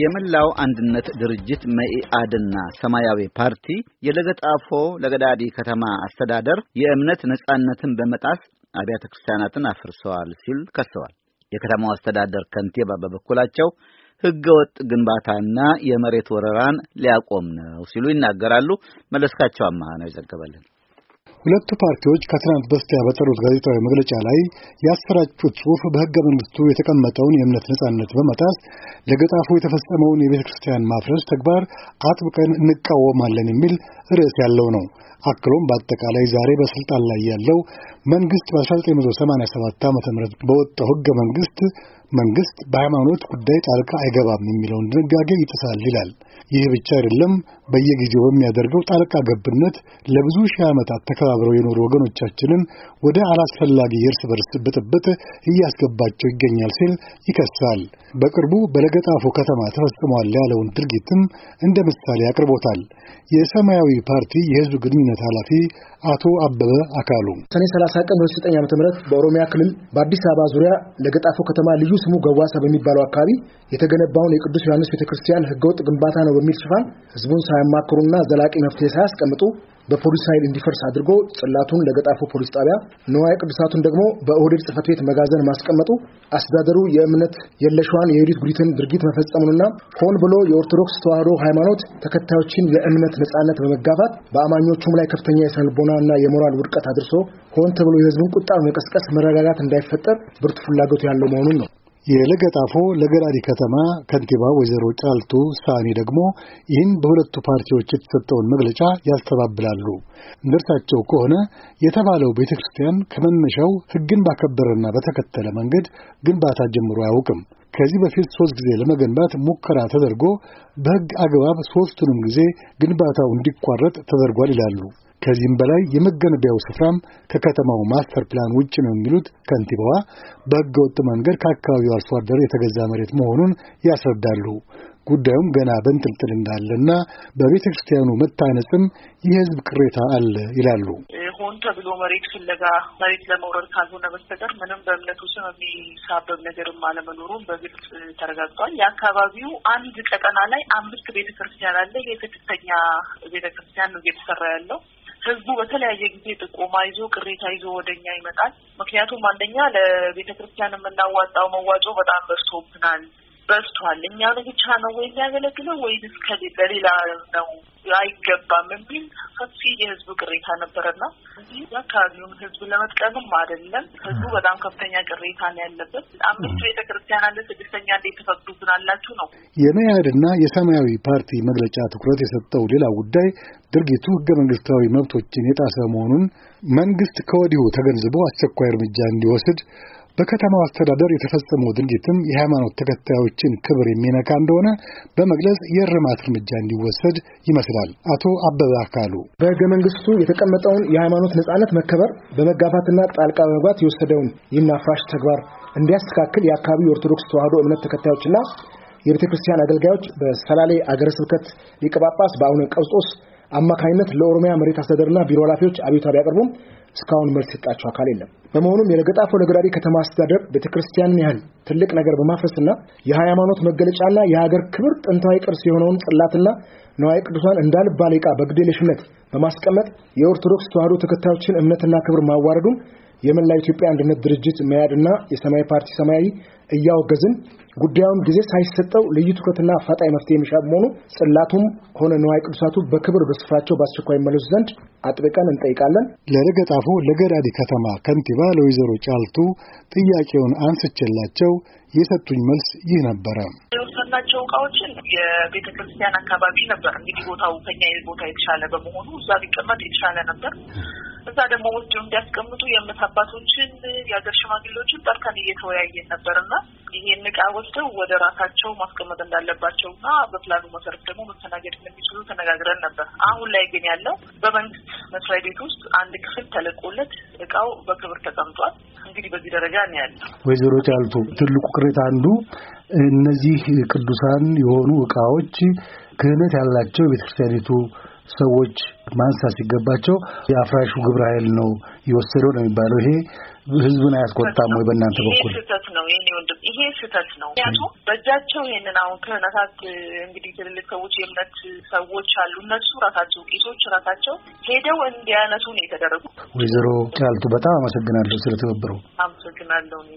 የመላው አንድነት ድርጅት መኢአድና ሰማያዊ ፓርቲ የለገጣፎ ለገዳዲ ከተማ አስተዳደር የእምነት ነጻነትን በመጣስ አብያተ ክርስቲያናትን አፍርሰዋል ሲል ከሰዋል። የከተማው አስተዳደር ከንቲባ በበኩላቸው ሕገ ወጥ ግንባታና የመሬት ወረራን ሊያቆም ነው ሲሉ ይናገራሉ። መለስካቸው አማሃ ነው የዘገበልን። ሁለቱ ፓርቲዎች ከትናንት በስቲያ በጠሩት ጋዜጣዊ መግለጫ ላይ ያሰራጩት ጽሑፍ በሕገ መንግሥቱ የተቀመጠውን የእምነት ነጻነት በመጣስ ለገጣፉ የተፈጸመውን የቤተ ክርስቲያን ማፍረስ ተግባር አጥብቀን እንቃወማለን የሚል ርዕስ ያለው ነው። አክሎም በአጠቃላይ ዛሬ በስልጣን ላይ ያለው መንግስት በ1987 ዓ ም በወጣው ህገ መንግስት መንግስት በሃይማኖት ጉዳይ ጣልቃ አይገባም የሚለውን ድንጋጌ ይጥሳል ይላል። ይህ ብቻ አይደለም። በየጊዜው በሚያደርገው ጣልቃ ገብነት ለብዙ ሺህ ዓመታት ተከባብረው የኖሩ ወገኖቻችንን ወደ አላስፈላጊ የእርስ በርስ ብጥብጥ እያስገባቸው ይገኛል ሲል ይከሳል። በቅርቡ በለገጣፎ ከተማ ተፈጽሟል ያለውን ድርጊትም እንደ ምሳሌ አቅርቦታል። የሰማያዊ ፓርቲ የህዝብ ግንኙነት ኃላፊ አቶ አበበ አካሉ ሰኔ 30 ቀን 2009 ዓ.ም በኦሮሚያ ክልል በአዲስ አበባ ዙሪያ ለገጣፎ ከተማ ልዩ ስሙ ገዋሳ በሚባለው አካባቢ የተገነባውን የቅዱስ ዮሐንስ ቤተክርስቲያን ህገወጥ ግንባታ ነው በሚል ሽፋን ህዝቡን ሳያማክሩና ዘላቂ መፍትሄ ሳያስቀምጡ በፖሊስ ኃይል እንዲፈርስ አድርጎ ጽላቱን ለገጣፎ ፖሊስ ጣቢያ፣ ንዋየ ቅዱሳቱን ደግሞ በኦህዴድ ጽፈት ቤት መጋዘን ማስቀመጡ አስተዳደሩ የእምነት የለሸዋን የዩዲት ጉዲትን ድርጊት መፈጸሙንና ሆን ብሎ የኦርቶዶክስ ተዋህዶ ሃይማኖት ተከታዮችን የእምነት ነጻነት በመጋፋት በአማኞቹም ላይ ከፍተኛ የስነልቦናና የሞራል ውድቀት አድርሶ ሆን ተብሎ የህዝቡን ቁጣ በመቀስቀስ መረጋጋት እንዳይፈጠር ብርቱ ፍላጎቱ ያለው መሆኑን ነው። የለገጣፎ ለገራሪ ከተማ ከንቲባ ወይዘሮ ጫልቱ ሳኒ ደግሞ ይህን በሁለቱ ፓርቲዎች የተሰጠውን መግለጫ ያስተባብላሉ። እንደርሳቸው ከሆነ የተባለው ቤተ ክርስቲያን ከመነሻው ሕግን ባከበረና በተከተለ መንገድ ግንባታ ጀምሮ አያውቅም። ከዚህ በፊት ሶስት ጊዜ ለመገንባት ሙከራ ተደርጎ በሕግ አግባብ ሶስቱንም ጊዜ ግንባታው እንዲቋረጥ ተደርጓል ይላሉ። ከዚህም በላይ የመገነቢያው ስፍራም ከከተማው ማስተር ፕላን ውጭ ነው የሚሉት ከንቲባዋ በሕገ ወጥ መንገድ ከአካባቢው አርሶ አደር የተገዛ መሬት መሆኑን ያስረዳሉ። ጉዳዩም ገና በንጥልጥል እንዳለና በቤተ ክርስቲያኑ መታነጽም የህዝብ ቅሬታ አለ ይላሉ። ሆን ተብሎ መሬት ፍለጋ መሬት ለመውረድ ካልሆነ በስተቀር ምንም በእምነቱ ስም የሚሳበብ ነገርም አለመኖሩን በግልጽ ተረጋግጧል። የአካባቢው አንድ ቀጠና ላይ አምስት ቤተ ክርስቲያን አለ። ይህ ስድስተኛ ቤተ ክርስቲያን ነው እየተሰራ ያለው ህዝቡ በተለያየ ጊዜ ጥቆማ ይዞ ቅሬታ ይዞ ወደኛ ይመጣል። ምክንያቱም አንደኛ ለቤተ ክርስቲያን የምናዋጣው መዋጮ በጣም በርቶብናል። በዝቷል። እኛን ብቻ ነው ወይ የሚያገለግለው ወይንስ በሌላ ነው አይገባም የሚል ሰፊ የህዝብ ቅሬታ ነበረና የአካባቢውን ህዝብ ለመጥቀምም አይደለም ህዝቡ በጣም ከፍተኛ ቅሬታ ነው ያለበት። አምስት ቤተ ክርስቲያን አለ። ስድስተኛ እንዴት ተፈቅዱትን አላችሁ ነው የመያድና የሰማያዊ ፓርቲ መግለጫ ትኩረት የሰጠው ሌላ ጉዳይ ድርጊቱ ህገ መንግስታዊ መብቶችን የጣሰ መሆኑን መንግስት ከወዲሁ ተገንዝቦ አስቸኳይ እርምጃ እንዲወስድ በከተማው አስተዳደር የተፈጸመው ድርጊትም የሃይማኖት ተከታዮችን ክብር የሚነካ እንደሆነ በመግለጽ የእርማት እርምጃ እንዲወሰድ ይመስላል። አቶ አበበ አካሉ በህገ መንግስቱ የተቀመጠውን የሃይማኖት ነጻነት መከበር በመጋፋትና ጣልቃ በመግባት የወሰደውን ይናፋሽ ተግባር እንዲያስተካክል የአካባቢው የኦርቶዶክስ ተዋህዶ እምነት ተከታዮችና የቤተ ክርስቲያን አገልጋዮች በሰላሌ አገረ ስብከት ሊቀ ጳጳስ በአቡነ ቀውስጦስ አማካኝነት ለኦሮሚያ መሬት አስተዳደርና ቢሮ ኃላፊዎች አቤቱታ ቢያቀርቡም እስካሁን መልስ የሰጣቸው አካል የለም። በመሆኑም የለገጣፎ ለገዳዲ ከተማ አስተዳደር ቤተክርስቲያንን ያህል ትልቅ ነገር በማፍረስና የሃይማኖት መገለጫና የሀገር ክብር ጥንታዊ ቅርስ የሆነውን ጽላትና ነዋይ ቅዱሳን እንዳልባሌ ዕቃ በግዴለሽነት በማስቀመጥ የኦርቶዶክስ ተዋህዶ ተከታዮችን እምነትና ክብር ማዋረዱም የመላ ኢትዮጵያ አንድነት ድርጅት መያድና የሰማያዊ ፓርቲ ሰማያዊ እያወገዝን ጉዳዩን ጊዜ ሳይሰጠው ልዩ ትኩረትና አፋጣኝ መፍትሄ የሚሻ በመሆኑ ጽላቱም ሆነ ንዋይ ቅዱሳቱ በክብር በስፍራቸው በአስቸኳይ መለሱ ዘንድ አጥብቀን እንጠይቃለን። ለረገጣፎ ለገዳዲ ከተማ ከንቲባ ለወይዘሮ ጫልቱ ጥያቄውን አንስቼላቸው የሰጡኝ መልስ ይህ ነበረ። የወሰናቸው እቃዎችን የቤተ ክርስቲያን አካባቢ ነበር። እንግዲህ ቦታው ከኛ ቦታ የተሻለ በመሆኑ እዛ ቢቀመጥ የተሻለ ነበር። እዛ ደግሞ ውጭ እንዲያስቀምጡ የእምነት አባቶችን የሀገር ሽማግሌዎችን ጠርተን እየተወያየን ነበርና ይሄን እቃ ወስደው ወደ ራሳቸው ማስቀመጥ እንዳለባቸውና በፕላኑ መሰረት ደግሞ መተናገድ እንደሚችሉ ተነጋግረን ነበር። አሁን ላይ ግን ያለው በመንግስት መስሪያ ቤት ውስጥ አንድ ክፍል ተለቆለት እቃው በክብር ተቀምጧል። እንግዲህ በዚህ ደረጃ ነው ወይዘሮ ጫልቱ ትልቁ ቅሬታ አንዱ እነዚህ ቅዱሳን የሆኑ እቃዎች ክህነት ያላቸው የቤተክርስቲያኒቱ ሰዎች ማንሳት ሲገባቸው የአፍራሹ ግብረ ኃይል ነው የወሰደው ነው የሚባለው። ይሄ ህዝብን አያስቆጣም ወይ? በእናንተ በኩል ስህተት ነው። ይሄ ወንድም ይሄ ስህተት ነው። ምክንያቱም በእጃቸው ይሄንን አሁን ክህነታት እንግዲህ ትልልቅ ሰዎች የእምነት ሰዎች አሉ። እነሱ ራሳቸው ቄሶች ራሳቸው ሄደው እንዲያነሱ ነው የተደረጉ። ወይዘሮ ጫልቱ በጣም አመሰግናለሁ ስለተባበሩ። አመሰግናለሁ።